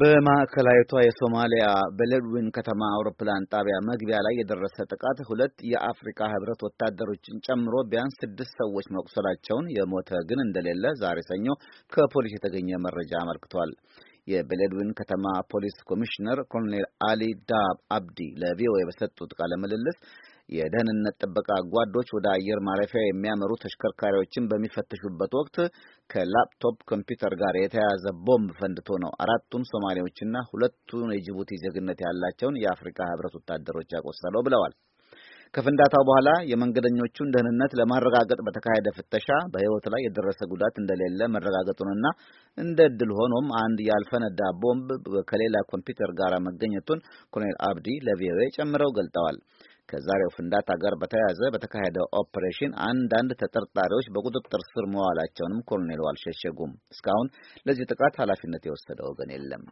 በማዕከላዊቷ የሶማሊያ በለድዊን ከተማ አውሮፕላን ጣቢያ መግቢያ ላይ የደረሰ ጥቃት ሁለት የአፍሪካ ህብረት ወታደሮችን ጨምሮ ቢያንስ ስድስት ሰዎች መቁሰላቸውን የሞተ ግን እንደሌለ ዛሬ ሰኞ ከፖሊስ የተገኘ መረጃ አመልክቷል። የበሌድዊን ከተማ ፖሊስ ኮሚሽነር ኮሎኔል አሊ ዳብ አብዲ ለቪኦኤ በሰጡት ቃለ ምልልስ የደህንነት ጥበቃ ጓዶች ወደ አየር ማረፊያ የሚያመሩ ተሽከርካሪዎችን በሚፈትሹበት ወቅት ከላፕቶፕ ኮምፒውተር ጋር የተያያዘ ቦምብ ፈንድቶ ነው አራቱን ሶማሌዎችና ሁለቱን የጅቡቲ ዜግነት ያላቸውን የአፍሪካ ህብረት ወታደሮች ያቆሰለው ብለዋል። ከፍንዳታው በኋላ የመንገደኞቹን ደህንነት ለማረጋገጥ በተካሄደ ፍተሻ በህይወት ላይ የደረሰ ጉዳት እንደሌለ መረጋገጡንና እንደ እድል ሆኖም አንድ ያልፈነዳ ቦምብ ከሌላ ኮምፒውተር ጋር መገኘቱን ኮሎኔል አብዲ ለቪኦኤ ጨምረው ገልጠዋል። ከዛሬው ፍንዳታ ጋር በተያያዘ በተካሄደው ኦፕሬሽን አንዳንድ ተጠርጣሪዎች በቁጥጥር ስር መዋላቸውንም ኮሎኔሉ አልሸሸጉም። እስካሁን ለዚህ ጥቃት ኃላፊነት የወሰደ ወገን የለም።